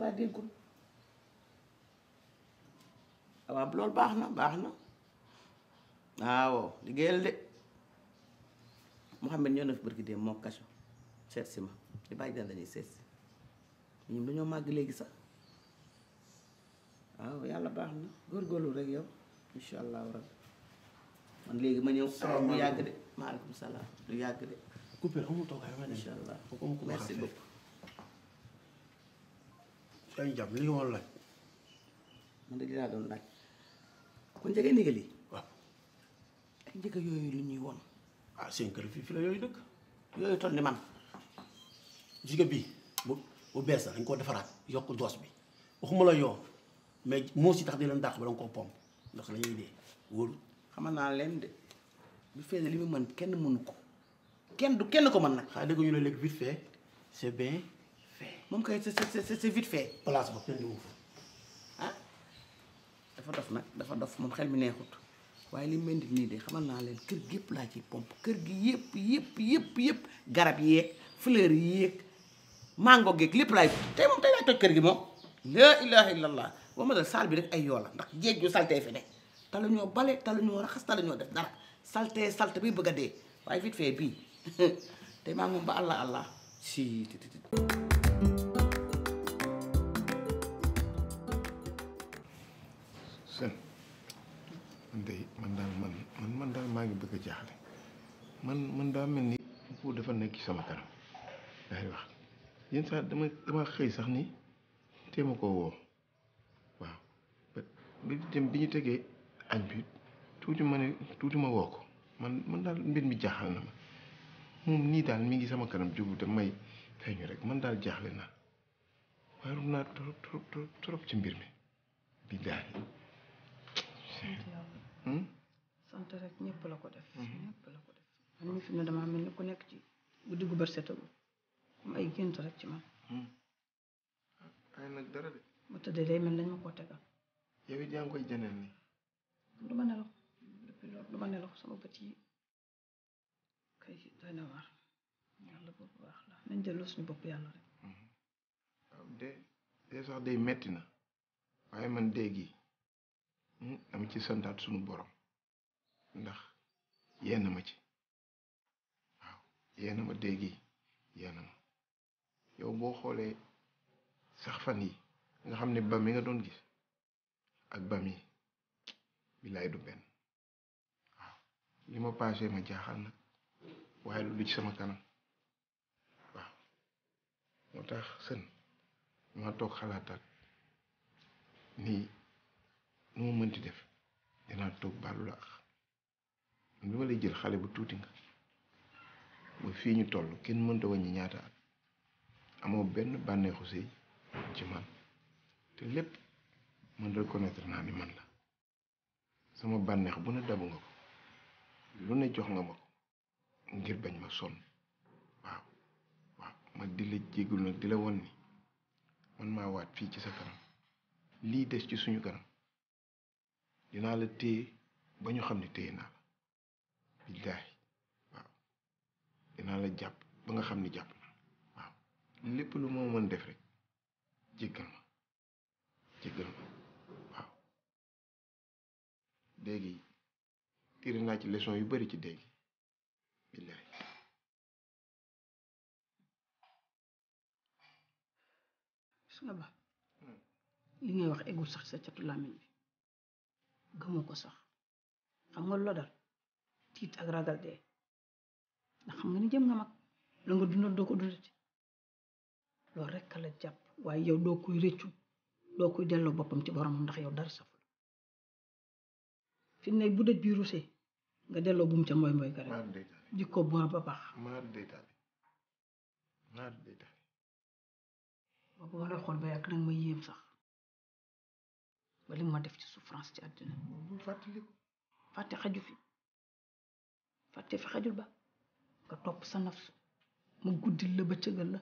dama laa ah, loolu baax na baax na ah, waaw liggéeyal de Mouhamed ñoo na fi barki dem moo kaso seet si ma di bàyyi daan dañuy seet si ñun dañoo màgg léegi sax ah, waaw yàlla baax na góorgóorlu rek yow insha allahu rabbi man léegi ma ñëw mu yàgg de maaleykum salaam du yàgg de coupé amul toogaay kañ jàpp li nga woon laaj. man de dinaa doon laaj kon njëkk a ndigal yi. waaw. ay njëkk yooyu lu ñuy woon. ah seen kër fii fi la yooyu dëkk. yooyu toll ni man. jigéen bii bu bees la dañ koo defaraat yokk doos bi waxuma la yoo mais moo si tax di leen dàq ba da nga koo pomp ndax dañuy dee wóolu. xamal naa leen de bu ne li mu mën kenn mënu ko kenn du kenn ko mën nag. xaaral dëgg ñu ne léegi vite fait c'est bien. moom kay c'est c'est vite fait. place ba kenn du ah dafa dof nag dafa dof moom xel mi neexut waaye li mel nii de xamal naa leen kër gi yëpp laa ci pomp kër gi yëpp yëpp yëpp yëpp garab yeeg fleur yeeg mango geeg lépp laay tey moom toj kër gi moom. laa ilaha illallah boo ma dal saal bi rek ay yoo la ndax jéeg ju saltee fi ne talu ñoo bale talu ñoo raxas talu ñoo def dara saltee salt bi bëgg a dee waaye vite fait bii te maa moom ba allah allah man de man daal man man man daal maa ngi bëgg a man man daa mel ni buur dafa nekk ci sama kanam daay wax dama dama xëy sax ni téema koo woo waaw bi dem bi ñu tegee añ tuuti ma woo ko man man daal mbir mi jaaxal na ma moom nii daal mi ngi sama kanam jógu te may feeñu rek man daal jaaxle naa waaye naa trop trop trop ci mbir mi bi daal sant yàlla. Hmm? sant rek ñëpp ko def. ñëpp la ko def man mii fi mu ne damaa ku nekk ci bu diggu bët setagul am ay gént rek ci man. Hmm. ay nag dara de. mu tëddee day mel dañ ma koo tegal. yow it yaa ngi koy jëndee nii. du ma nelaw depuis loolu ma sama bët yi kay doy na waar yàlla boobu baax la nañ delloo suñu bopp hmm. ah, de de sax day metti na waaye man dee Hmm, dama ci daat sunu borom ndax yee ma ci waaw yee ma dégg yi ma yow boo xoolee sax fan yi nga xam ne ba mi nga doon gis ak bami bi bilaay du benn waaw li ma passé ma jaaxal nag waaye lu du ci sama kanam waaw moo tax sën ma toog xalaataat nii lu ma mënti def danaa toog baalu la man bi ma lay jël xale bu tuuti nga ba fii ñu toll kenn mënta wàññi ñaata at amoo benn bànneexu sëy ci man te lépp man reconnaître naa ni man la sama bànneex bu ne dabu nga ko lu ne jox nga ma ko ngir bañ ma sonn waaw waaw ma di la jéggul nag di ni man maa waat fii ci sa kanam lii des ci suñu kanam dinaa la téye ba ñu xam ne téye naa la billaahi dinaa la jàpp ba nga xam ne jàpp naa lépp lu moo mën def rek jéggal ma jéggal ma waaw ci leçon yu bari ci déegi billaahi gëmoo ko sax xam nga lodal tiit ak ragal dee xam nga ni jëm nga mag la nga dundoon doo ko dundati loolu rek la jàpp waaye yow doo kuy rëccu doo kuy delloo boppam ci borom ndax yow dara saful fi ne bu dëj bi rusee nga delloo buum ca mooy mooy ka rek jikkoo boor ba baax boobu ma la xool ba yàgg nag ma yéem sax ba li ma def ci souffrance ci àddina bul fàttaliku fàtte xaju fi fàtte fi xajul ba nga topp sa naf mu guddil la ba cëgal la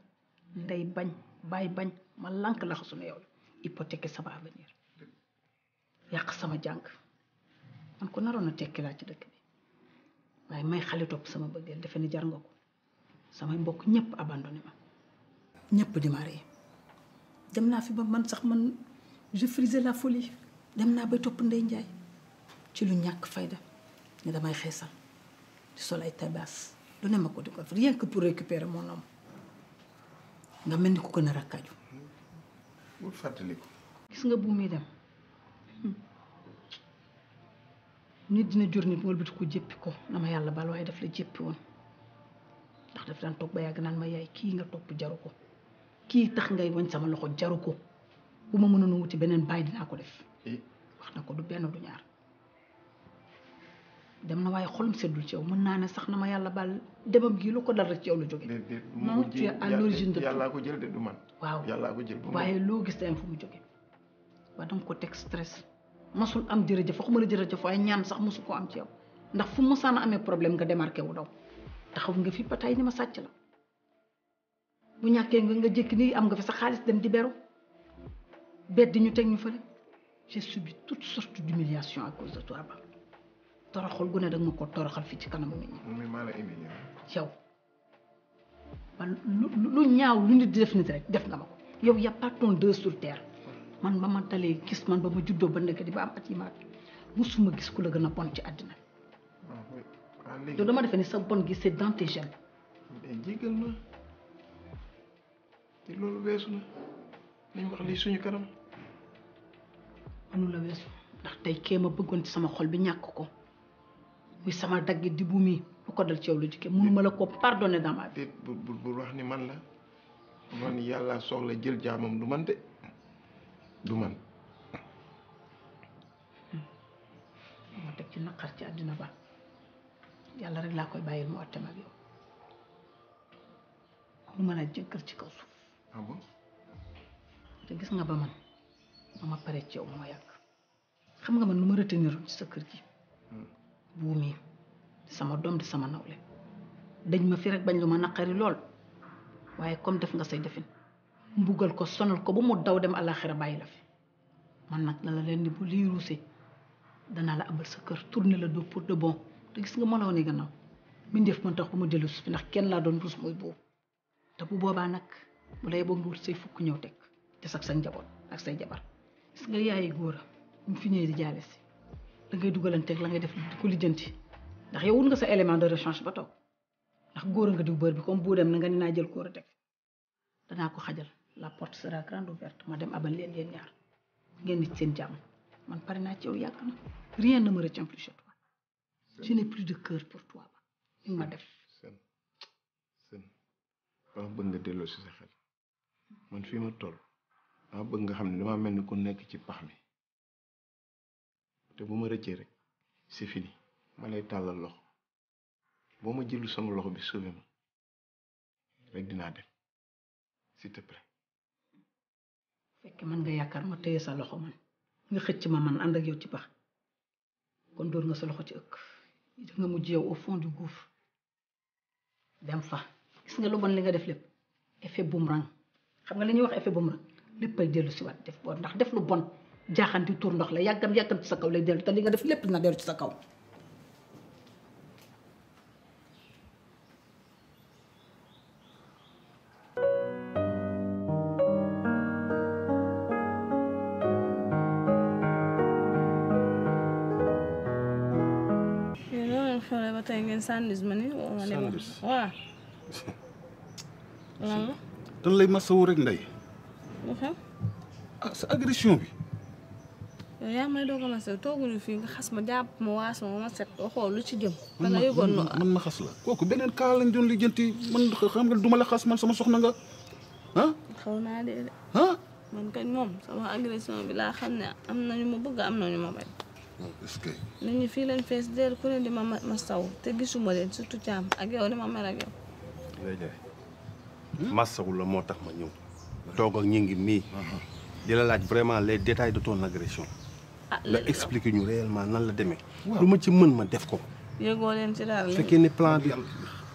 ndey bañ baay bañ ma lànk laxasu xasu na yow la hypothéquer sama avenir yàq sama jàng man ko naroon a tekki laa ci dëkk bi waaye may xale topp sama bëggeel defe ni jar ko samay mbokk ñëpp abandonné ma ñëpp di ma ree dem naa fi ba man sax man je frisais la foli dem naa ba topp Ndeye Ndiaye ci lu ñàkk fayda ne damay xeesal di sol ay tabas lu ne ma ko di ko rien que pour récupérer mon homme nga mel ni ko gën a rakkaaju. bul gis nga bu muy dem hmm. nit dina jur nit wëlbati ko jéppi ko na yàlla baal waaye def la jéppi woon ndax daf daan toog ba yàgg naan ma yaay kii nga topp jaru ko kii tax ngay wañ sama loxo jaru ko. bu ma mënoon a wuti beneen bàyyi dinaa ko def eh. wax na ko du benn du ñaar dem na waaye xolum seddul ci mën naa ne sax na ma yàlla baal demam gii lu ko dal rek la jóge non tu es à ko jël du man waaw yàllaa ko jël waaye loo gis dayam fu mu jóge ba danga ko teg stress masul am jërëjëf waxuma la jërëjëf waaye ñaan sax mosu koo am ci yow ndax fu mosaan a amee problème nga démarqué wu daw xaw nga fi ba tey ni ma sàcc la bu ñàkkee nga nga jékki ni am nga fi sa xaalis dem di beru bedd ñu teg ñu fële j'ai subi tout sortes d'humiliations à cause de toi ba toroxal gu ne da ma ko toroxal fii ci kanamu nit ñi. mais maa lu ñaaw lu nit di def nit def nga ma ko yow y a pas ton deux sur man ba ma talee gis man ba ma juddoo ba nekk di ba am at yi maat musuma gis ku la gën a bon ci àddina bi. Ah, doo ah, dama defe ni sa bon gi c'est dans tes gènes. mais jégal loolu weesu na nañ wax lii suñu kanam. mënu la weesu ndax tey kee ma bëggoon ci sama xol bi ñàkk ko muy sama dagg di bu mi lu ko dal ci yow lu jike mënu ma la ko pardonné dans ma vie bu bu wax ni man la man yàlla la jël jaamam du man de du man ma teg ci naqar ci àddina ba yàlla rek laa koy bàyyil mu ottem ak kaw suuf ah te gis nga ba man ba pare ci yow moo xam nga man lu ma retenir ci sa kër gi buumi sama doom di sama nawle dañ ma fi rek bañ lu ma naqari lool waaye comme def nga say defin mbugal ko sonal ko ba mu daw dem àllaaxira bàyyi la fi man nag la leen di bu lii ruuse danaa la abal sa kër tourner la dos pour de bon te gis nga mënoo ne gannaaw mbindeef man tax ba ma dellu fi ndax kenn laa doon ruus mooy boobu te bu boobaa nag bu lay boog nga wut say fukk ñëw teg te sax sa njaboot ak say jabar gis nga yaayi góor mu fi ñëwee di jaale si da ngay dugalanteeg la ngay def di ko lijjanti ndax yow wut nga sa élément de rechange ba toog ndax góor nga diw bër bi comme boo dem na nga ne naa jël góor a teg danaa ko xajal la porte sera grande ouverte ma dem abal leen yéen ñaar ngeen nit seen jàmm man pare naa ci yow yàgg na rien ne me retient plus de cœur pour toi ni ma def. sën bëgg nga delloo si sa xel man fii ma toll. dama nga xam ne dama mel ni kon nekk ci pax mi te bu ma rëccee rek c'est fini ma lay tàllal loxo boo ma jëlu sama loxo bi sauvé ma rek dinaa dem si te fekk man nga yaakaar ma téye sa loxo man nga xëcc ma man ànd ak yow ci pax kon dóor nga sa loxo ci ëkk da nga mujj yow au fond du guuf dem fa gis nga lu li nga def lépp effet boomerang xam nga lañuy ñuy wax effet boomerang léppay dellu si waat def bon ndax def lu bon jaaxan di tuur ndox la yàggam yàggam ci sa kaw lay dellu te li nga def lépp na dellu ci sa kaw tey ngeen sànnis ma ni. sànnis waaw. lan la. dañ lay masawu rek ndey. lu xew. ah sa agression bi. yow fii nga xas ma jàpp ma waas ma ma lu ci jëm. da nga la kooku beneen kaa lañ doon lijjanti man xam duma la xas sama soxna nga ah. xaw naa dee de. Ah? man kañ moom sama agression bi laa xam ne am na ñu ma bëgg am na ñu ma bañ. Oh, est nit ñi fii leen fees deel ku ne di ma ma saw te gisuma leen surtout caam ak yow ni ma mer ak yow. lay jaay. la moo tax ma ñëw. toog ak ñi ngi mii di la laaj vraiment les détails de ton agression ah, nga expliquer ñu réellement nan la demee lu ma ci mën ma def ko yëgoo leen ci dara fekkee ni plan bi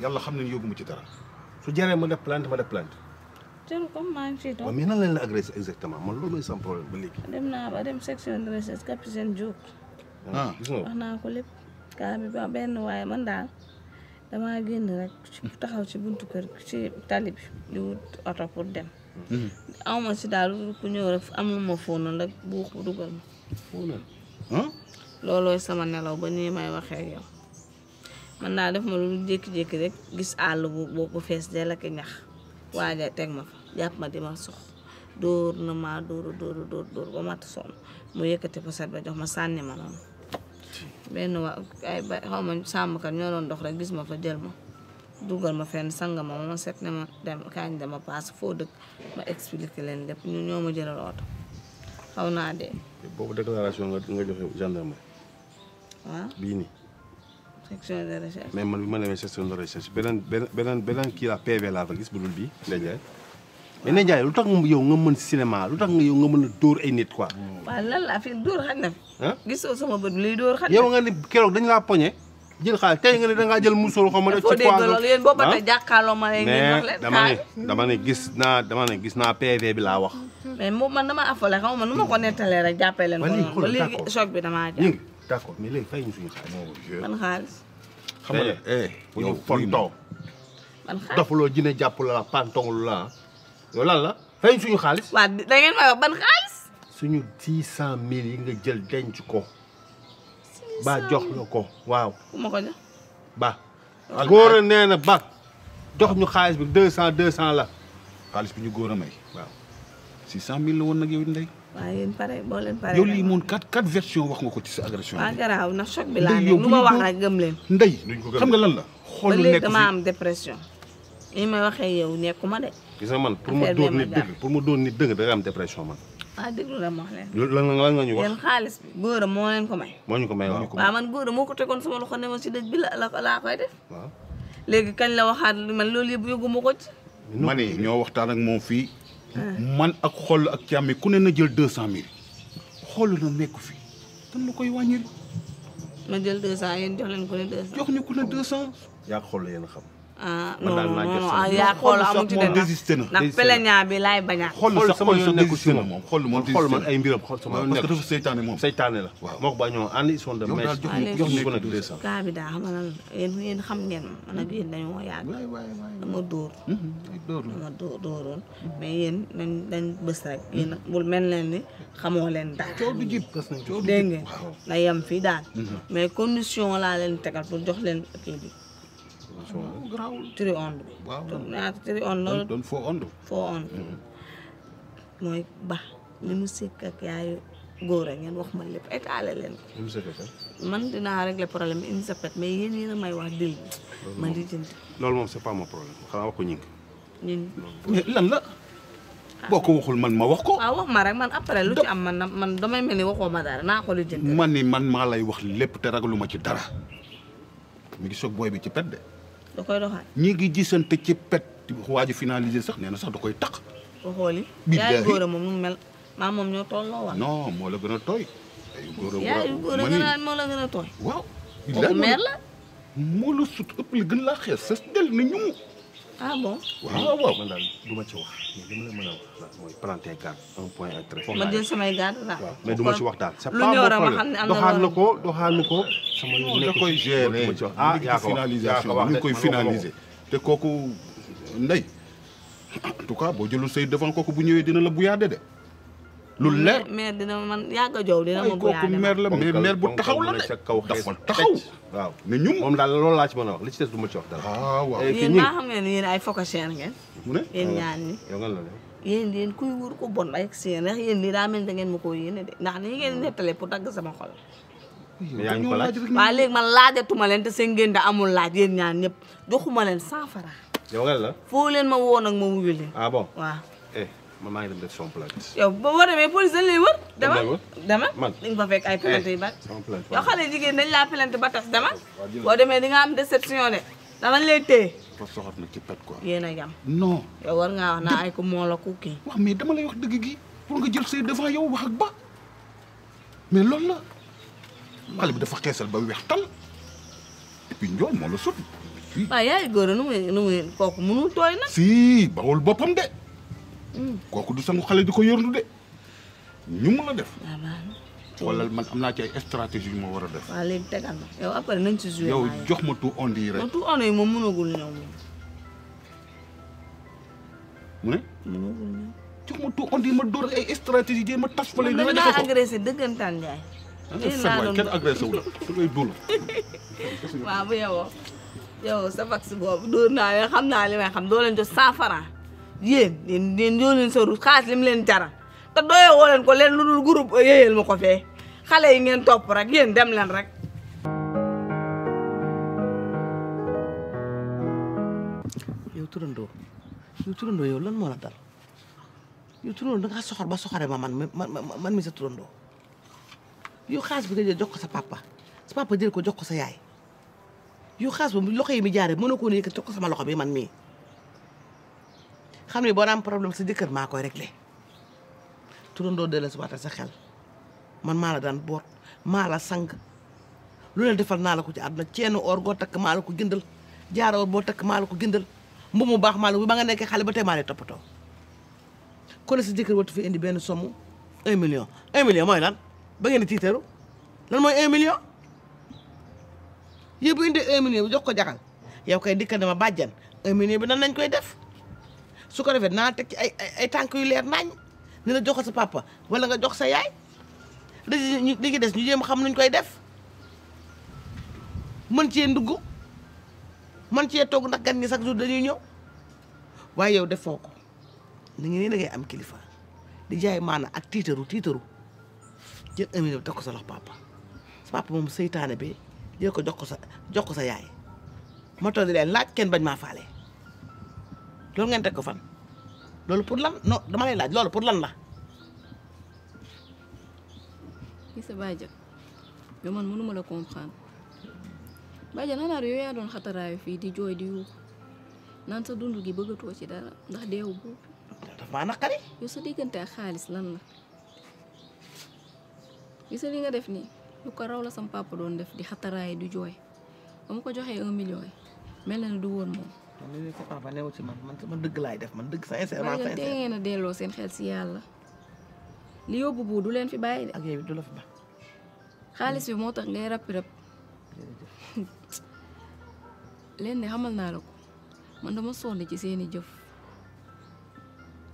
yàlla xam ne yóbbu ma ci dara su jaree ma def plainte ma def plainte jël comme maa ngi ciy toog mais nan lañ la agressé exactement man loolu mooy sama problème ba léegi dem naa ba dem section de recherche capitaine Diop ah, ah. gis nga wax naa ko lépp kaa bi ba benn waaye man daal damaa génn rek taxaw ci buntu kër ci tali bi di wut oto pour dem Mm-hmm. amuma si daal ku ñëw rek am lu ma fóonoon rek buux bu dugal ma. fóonoon. loolooy sama nelaw ba nii may waxee ak man daal def ma lu jékki-jékki rek gis àll bu bu fees dell ak ñax waaja teg ma fa jàpp ma di ma sox dóor na ma dóor dóor dóor ba mat sonn mu yëkkati poset ba jox ma sànni ma noonu benn waa ay ma sàmmkat ñoo doon dox rek gis ma fa jël ma. dugal ma fenn sanga ma ma set ne ma dem foo dëkk ma expliqué leen lépp ñu ñoo ma jëlal oto xaw naa dee. boobu déclaration nga nga joxe gendarmerie. waaw bii nii. section de recherche. man bi ma demee section de recherche beneen beneen kii la PV laa fa gis bu dul bi Ndeye Ndiaye. mais Ndeye Ndiaye lu tax yow nga mën cinéma lu tax nga yow nga mën a dóor ay nit quoi. waaw lan la fi dóor xaj na fi. gisoo sama bët liy dóor xaj na nga ni keroog dañu laa poñe. jël xaalis tey nga ne dangaa jël musóor ko ma def ci poids loolu yéen boobu tey ah? jàkkaarloo ma leen dama ne gis naa dama ne gis naa PV bi laa wax mais moom man dama affolé xaw ma nu ma ko nettalee re jàppee leen ko ba léegi choc bi damaa jàpp d'accord mais léegi fay ñu suñu xaalis ban xaalis xam nga eh, eh bu ñu fontoo ban xaalis dofuloo jine jàpp la pantonglu la yow lan la fay ñu suñu xaalis waaw da ngeen ban xaalis suñu dix cent mille yi nga jël denc ko ba jox la ko waaw. ku ma ko jox. ba. góor a nee na ba jox ñu xaalis bi deux cent la. xaalis bi ñu góor a may. waaw six cent mille la woon nag yow Ndeye. waaw yéen pare boo yow lii moom quatre version wax nga ko ci sa agression. waaw garaaw na choc bi laa nekk lu ma wax rek gëm leen. lan la. xool lu nekk léegi dama am dépression. ni may waxee yow nekkuma de. gis nga man pour ma doon nit dëgg pour ma doon nit dëgg da nga am dépression man. a ah, déglu la ma leen. nga ñu wax xaalis bi góor a moo leen ko may. ñu ko may waaw waaw man góor moo ko tegoon sama loxo ne ma si dëj bi la laa koy def. waaw léegi kañ la waxaat man loolu yëpp yóbbu ma ko ci. ma ne ñoo waxtaan ak moom fii. Ah. man ak xol ak càmmi ku ne na jël deux cent mille. xool na nekk fi dan la koy wàññil. ma jël deux cent yéen jox leen ku ne deux cent. jox ñu yaa ko xool xam. Ah, ah non non ah yaa xool amu ci de na ndax peleñaa bi laay bañaat. xool sama yoon nekkul si moom xool moom xool man a mbiram xool sama yoon nekkul parce que seytaane moom la. waaw moo ko bañoo ànd ils sont de mèche. jox ñu bi daa na yéen yéen xam ma man ak yéen dañoo yàgg dama dóor. Mhm, bul mel leen ni xamoo daal. coow na yem fii daal. Mhm. mais condition laa leen tegal pour jox leen kii bi. sonde garaawul tri onde bi ah, doon foo onde foo mm-hmm. mooy ba li mu sikk ak yaayu góor a ngeen wax ma lépp étalé leen man dinaa régler problème bi une sapette mais yéen yéen a may wax dil bi ma di jënd loolu moom c'est pas mon problème xanaa wax ko ah. waxul man ma wax ko ah, waaw ma rek man après lu ci am man man damay mel waxoo ma dara naa ko lu jënd man ni man maa lay wax lépp te ragalu ma ci dara mi ngi booy bi ci pet de da koy doxal. ñi ngi gisante ci pet waaju finalisé sax nee na sax da koy taq. ko xooli yaay góor a nu mel maa moom ñoo tolloo waat. non moo la gën a tooy. yaay góor a gën a moo la gën a waaw. kooku meer la. moo la sut ëpp li gën laa xees sës del na ñu. ah bon waaw waaw man daal du ma ci wax mais li ma la mën a wax mooy planter garde un point un trait. ma jël samay garde waaw mais du ma ci wax daal. c'est pas mon problème doxaan na ko doxaan na ko. sama nekk da koy gérer ah yaa ko finalisation ñu koy finaliser te kooku ndey en tout cas boo jëlul say devant kooku bu ñëwee dina la bu yaade de. lu leer maire dina man yàgg a joow dina ma bu kooku maire la mais maire bu taxaw la de dafa taxaw waaw mais ñun moom daal loolu laa ci mën a wax li ci des du ma ci wax dara ah, waaw waaw eh, yéen maa xam ngeen yéen ay focacère ngeen mu ah, ñaan ñi yow nga la yéen yéen kuy wóor ko bon ay seen ndax yéen daa da ngeen ma koo yéene de ndax ni ngeen nettale pour dagg sama xol yaa ko laaj waaw léegi man laajatuma leen te seen ngeen da amul laaj yéen ñaan ñëpp joxuma leen cent francs la foo leen ma woon ak ma wuyu leen ah, man maa ngi dem def sama plainte. yow boo demee police dañ lay wër. dama dama man li nga fa fekk ay plainte yu eh, bari. yow xale jigéen dañ laa plainte ba tas dama. boo demee di nga am déception de danañ lay téye. dafa soxor na ci pet quoi. yéen a yam. non yow war ngaa wax na ay ko moo la ko kii. waaw mais dama lay wax dëgg gi pour nga jël say devant yow wax ak ba mais loolu la xale bi dafa xeesal ba weex tal et puis njool moo la sut. waaw yaay góor nu muy nu muy kooku mënul tooy nag. si bawul boppam de. Mm. kooku du sangu xale di ko yërndu de ñu mun a def. Ah, wala man am naa ci ay stratégie yu war a def. waaw léegi tegal nañ ci joué yow jox ma tout onde rek. ma tout onde moom mënagul ñëw moom. mu ne. ma tout onde yi ma ay stratégie jéem ma tas fa la. dama laa agressé dëggantaan Ndiaye. Ah, lii laa doon kenn agressé wu la da ngay dóor. waaw bu yowoo yow sa vax boobu dóor naa yoo xam naa li may xam doo leen yéen yéen yéen yoo leen sëru xaalis li leen jaral te doyoo woo leen ko leen lu dul groupe eh, yéyal ma ko fee xale yi ngeen topp rek yéen dem leen rek. yow turandoo yow turandoo yow lan moo la dal yow turandoo da ngaa soxor ba soxore ma man man mi sa turandoo yow xaalis bi nga jox ko sa papa sa papa ko jox ko sa yaay yow xaalis boobu loxo yi mi jaaree mënoo ko woon yëkkati jox ko sama loxo bi man mi xam ne boo problème sa jëkkër maa koy réglé turandoo delloo si waat sa xel man maa la daan boot maa la sang lu ne defal naa la ko ci àdduna ceenu or goo takk maa la ko gëndal jaaroo boo takk maa la ko gëndal mu baax maa la bu ba nga nekkee xale ba tey maa lay toppatoo. kon sa jëkkër watu fi indi benn somme un million un million mooy lan ba ngeen tiitaru lan mooy un million yéen indi un million bi jox ko jaxal yow kay dikka dama bàjjan un million bi nan lañ koy def. su ko defee naa teg ci ay ay tànk yu leer nañ ni la jox sa papa wala nga jox sa yaay li ñu des ñu jéem xam nuñ koy def mën cee ndugg mën cee togg ndax gan ñi chaque jour dañuy ñëw waaye yow defoo ko ni ngi nii da ngay am kilifa di jaay maana ak tiitaru tiitaru jël un ko sa lox papa moom seytaane bi jël ko jox ko sa jox ko sa yaay ma toog di leen laaj kenn bañ maa faale loolu ngeen teg ko fan loolu pour lan non dama lay laaj loolu pour lan la. gis nga Badiane yow man mënuma la comprendre Badiane xanaa yow yaa doon xataraayu fii di jooy di yuux naan sa dund gi bëggatoo ci dara ndax deewu boobu. daf maa naqari. yow sa diggante ak xaalis lan la gis li nga def nii lu ko raw la sam doon def di xataraayu di jooy ba ko joxee un million mel na ne du woon moom. man li sa papa newu ci man man sama dëgg laay def man dëgg sa sincèrement sincère tey ngeen a delloo seen xel si yàlla li yóbbu bu du leen fi bàyyi de. ak yow du la fi ba xaalis bi moo tax ngay rappi rap leen de xamal naa la ko man dama sonn ci seeni jëf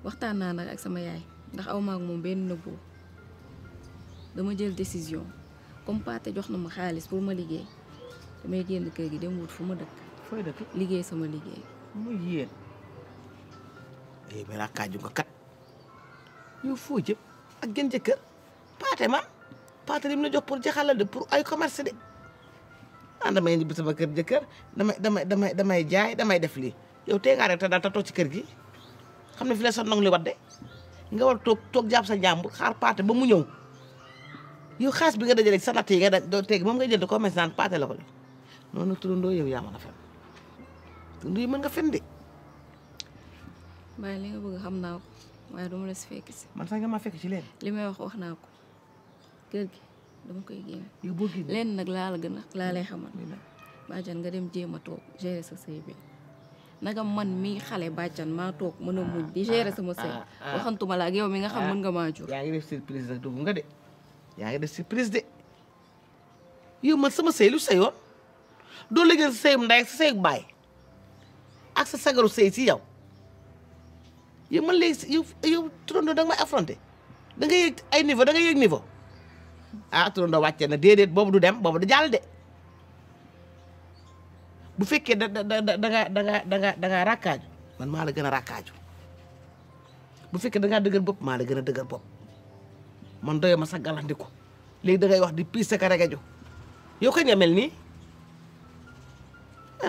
waxtaan naa nag ak sama yaay ndax aw maag moom benn nëbboo dama jël décision comme Paate jox na ma xaalis pour ma liggéey damay génn kër gi dem wut fu ma dëkk fooy dëkk. liggéey sama liggéey. muy yéen. eh kat yow foo jëm ak gën jëkkër paate man paate li mu la jox pour jaxalal de pour ay commerce de ah damay ñibbi sama kër jëkkër damay damay damay damay jaay damay def lii yow tee ngaa rek te daal ta toog ci kër gi xam ne fi la sa ndong li wadde nga war toog toog jàpp sa jàmbur xaar paate ba mu ñëw yow xaas bi nga dajale sa natt yi nga da doo teg moom nga jël ko commerce a fen nduy mën nga fen de. Baye li nga bëgg xam naa ko waaye du ma la si fekk si. man sax nga ma fekk ci leen. li may wax wax naa ko kër gi dama koy génne. yow boo génne leen nag laa la gën a laa lay xamal. bàjjan nga dem jéem a toog gérer sa sëy bi nagam man mii xale bàjjan maa toog mën a ah, muñ di gérer ah, sama sëy ah, waxantuma la ak yow mi nga xam mën nga maa jur. yaa ngi def surprise nag dugg nga de yaa ngi def surprise de yow man sama sëy lu sëyoon doo liggéey sa sëy ndaay sa sëy baay. ak sa sagaru sëy si yow yow man léegi yow yow turandoo da nga may affronté da nga yëg ay niveau da nga yëg niveau ah turandoo wàccee na déedéet boobu du dem boobu du jàll de bu fekkee da da da da nga da man maa la gën a rakkaaju bu fekkee da ngaa dëgër bopp maa la gën a dëgër bopp man doyoo ma sax galandiku léegi da ngay wax di piis sa ka regeju yow kañ nga mel nii.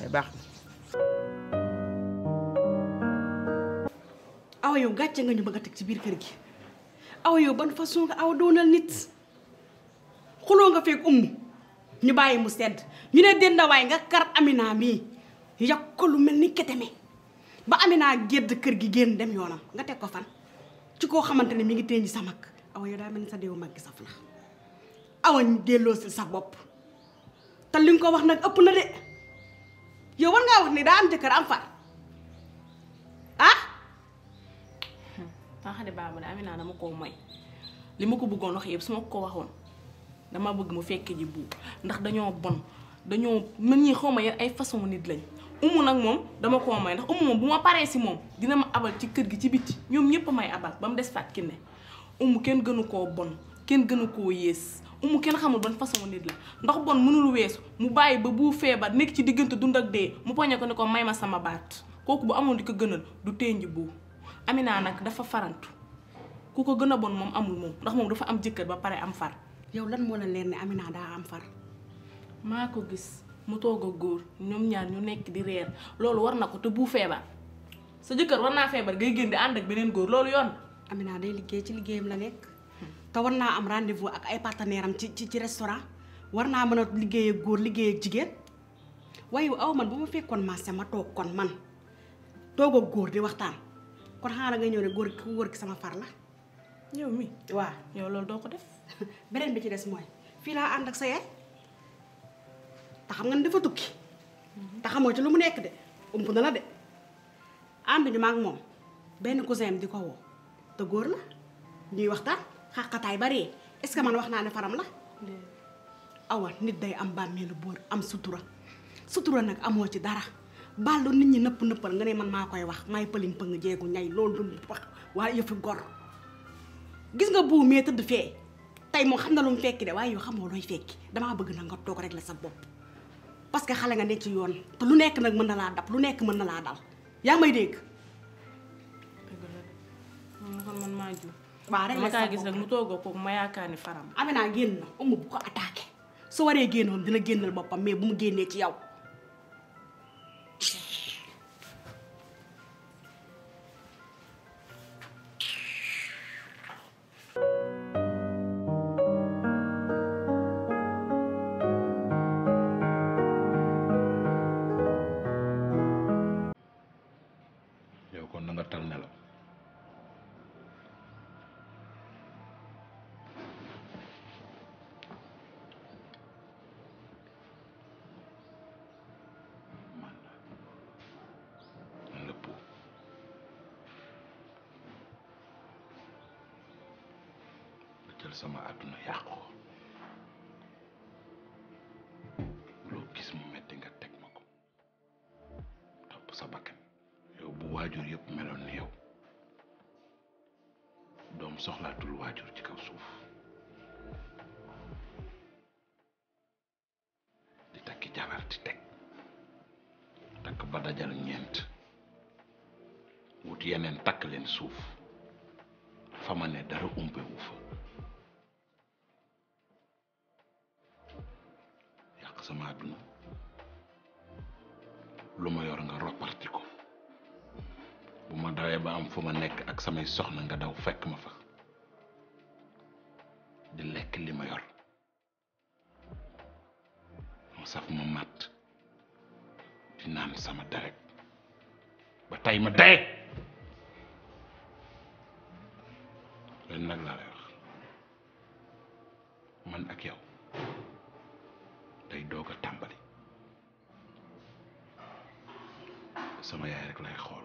mais eh, baax na. yow gàcce nga ñu bëgg a teg ci biir kër gi aw yow ban façon aw doonal nit xuloo nga feeg umm ñu bàyyi mu sedd ñu ne dendawaay nga kar Amina mii yàq ko lu mel ni keteme ba Amina gédd kër gi génn dem yoonam nga teg ko fan ci koo xamante ne mi ngi teeñ sa mag aw yow daa mel ni sa deewu mag gi saf na awañ delloo si sa bopp te li nga ko wax nag ëpp na de yow war ngaa wax ne daa am jëkkër am far ah. tax de baabu de Amina dama koo may li ma ko bëggoon wax yëpp su ma ko waxoon dama bëgg mu fekke ji buub ndax dañoo bon dañoo mën ñi xaw ma yéen ay façon nit lañ umu nag moom dama koo may ndax umu moom bu ma paree si moom dina ma abal ci kër gi ci bitti ñoom ñëpp may abal ba mu des fàttali ne umu kenn gënu koo bon kenn gënu koo yées. umu kenn xamul ban façon nit la ndax bon mënul weesu mu bàyyi ba bu feebar nekk ci diggante dund ak dee mu poñe ko ne ko may ma sama baat kooku bu amoon di ko gënal du teenji boobu. Amina nag dafa farantu ku ko gën a bon moom amul moom ndax moom dafa am jëkkër ba pare am far. yow lan moo la leer ne Amina daa am far. maa ko gis mu toog a góor ñoom ñaar ñu nekk di reer loolu war na ko te bu feebar sa jëkkër war naa feebar gay génn di ànd ak beneen góor loolu yoon. Amina day liggéey ci liggéeyam la nekk. te war naa am rendez ak ay partenaire am ci ci restaurant war naa mën a liggéey ak góor liggéey ak jigéen waaye aw man bu mu fekkoon marché ma toog kon man toog ak góor di waxtaan kon xanaa nga ñëw ne góor ku góor ki sama far la. ñëw mi waaw yow loolu doo ko def. beneen bi ci des mooy fii laa ànd ak sa yaay te xam nga ne dafa tukki te xamoo ci lu mu nekk de ump na la de ànd ñu ma moom benn cousin di ko woo te góor la ñuy waxtaan. xàqataay bari est-ce que man wax naa ne faram la. awa nit day am bàmmeelu buur am sutura sutura nag amoo ci dara bàllu nit ñi nëpp nëppal nga ne man maa koy wax may pëliñ pëng jeegu ñay loolu du wax waaye gis nga buu mee tëdd fee moo xam na lu mu fekki de waaye yow xamoo looy fekki damaa bëgg na nga toog rek la sa bopp parce que xale nga nekk ci yoon te lu nekk nag mën na laa dab lu nekk mën na laa dal yaa may dégg. waaw rek la sa bopp gis rek mu toogoo kooku ma yaakaar ni faram. Amina génn na ëmb bu ko attaqué su waree génnoon dina génnal boppam mais bu mu génnee ci yow. sama àdduna yàq ko loo gis mu metti nga teg ma ko topp sa bakkan yow bu waajur yëpp meloon ni yow doom soxlaatul waajur ci kaw suuf di takki jabar di teg takk ba dajal ñeent wut yeneen takk leen suuf fama ne dara umpe fa sama àdduna lu ma yor nga ropparti ko bu ma dawee ba am fu ma nekk ak samay soxna nga daw fekk ma fa di lekk li ma yor ma saf ma màtt di naan sama deret ba tey ma dee leen nag laa lay man ak yow day doog a tàmbali sama yaay rek lay xool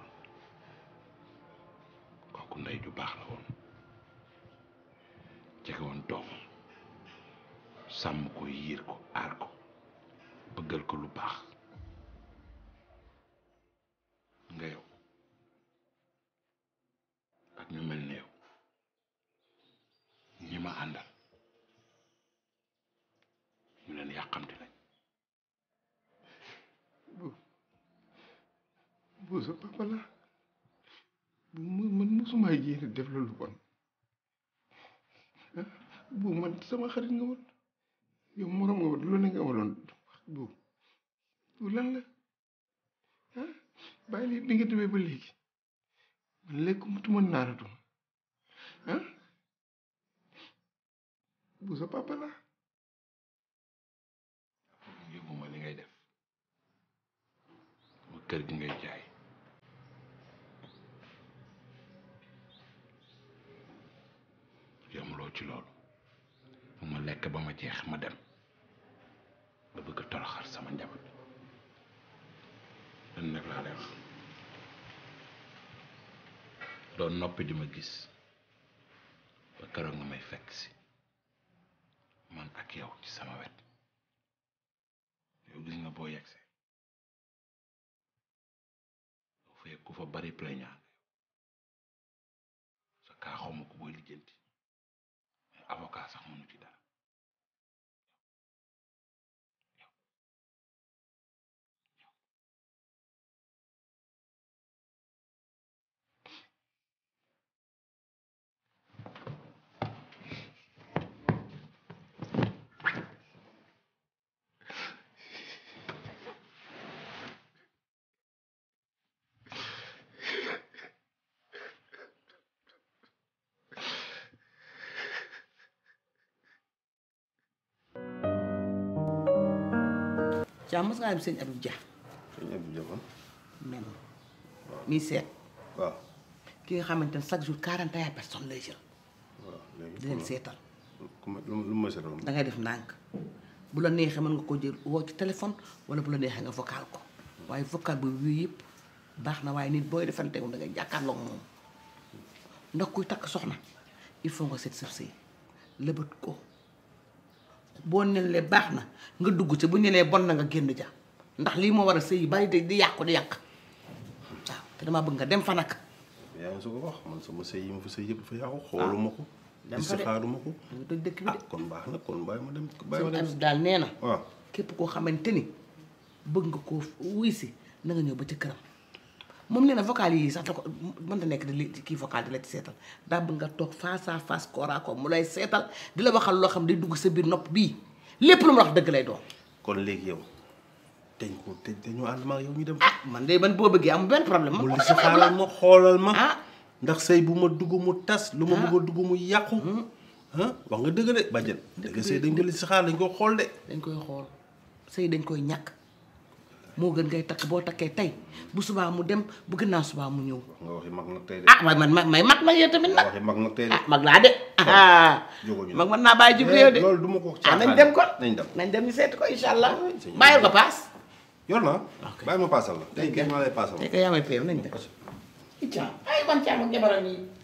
kooku ndey ju baax la woon jege woon doomam sàmm ko yiir ko aar ko bëggal ko lu baax nga yow ak ñu mel ne yow ñi ma àndal yàqamti nañ bu bu sa papa la man mosuma yéene def la lu bon bu man sama xarit nga woon yow morom nga woon lu ne nga amaloon bu bu lan la ah bàyyi lii bi nga demee ba léegi man lekku mutuma naaratuma ah bu sa papa la kër gi ngay jaay yomuloo ci loolu ma lekk ba ma jeex ma dem nga bëgg toroxal sama njaboot lan nag laa lay wax noppi di ma gis ba keroog nga may fekk si man ak yow ci sama wet yow gis nga boo yegsee fee ku fa bari plaignant sa kaa xaw booy lijjanti mais avocat sax mënu ci dara Thiam mos ngaa dem sëñ Abib mel mi seet. ki nga xamante ne chaque jour quarante et un lay jël. waaw di leen seetal. ma seetal da ngay def ndànk bu la neexee mën nga koo jël woo ci téléphone wala bu la neexee nga vocal ko waaye vocal bu wii yëpp baax na waaye nit booy defante wu da ngay jàkkaarloog moom ndax kuy takk soxna il faut nga seet sëb sëy lëbët ko. boo nelee baax na nga dugg ci bu nelee bon na nga génn ja ndax lii moo war a sëy yi bari di di yàq waaw te damaa bëgg nga dem fa nag. yaa ngi su ko wax man sama sëy yi ma fa sëy yëpp fa yàqu ah, ko. dem fa de ko. dëgg dëkk bi de ah, kon baax na kon bàyyi ma dem bàyyi ma dem daal nee na. Ah. képp koo xamante ni bëgg nga koo si na nga ñëw ba ci këram. moom nee na vocal yi sax da ko mënta nekk di kii vocal di la ci seetal daa bëgg nga toog face à face corps mu lay seetal di la waxal loo xam day dugg sa biir nopp bii lépp lu mu wax dëgg lay doon. kon léegi yow dañ ko dañoo ànd ma yow ñu dem. ah man de man boo bëggee amul benn problème. mu li si xaaral ma xoolal ma. Ah. ndax sëy bu ma dugg mu tas. lu ma ah. bëgg mu yàqu. Hmm. Ah, wax nga dëgg de bàjjen. dëgg sëy dañ ko li si xaaral dañ koy xool de. dañ koy xool sëy dañ koy ñàkk. moo gën ngay takk boo takkee tey bu subaa mu dem bu gannaaw subaa mu ñëw. nga waxi mag nag tey de. ah waaye man ma may mag nag yow tamit nag. waxi mag nag tey de ah mag laa de. Ah, ah, jógoo ñu mag mën naa bàyyi jub réew de. Eh, loolu du ma ko wax ah nañ dem kon nañ dem nañ dem ñu seet ko incha allah. Ah, bàyyil ko paas. yor na bàyyi ma paasal la. tey kay maa lay paasal la tey kay yaa may peew nañ dem. incha allah ay man caa ma jabaram yi.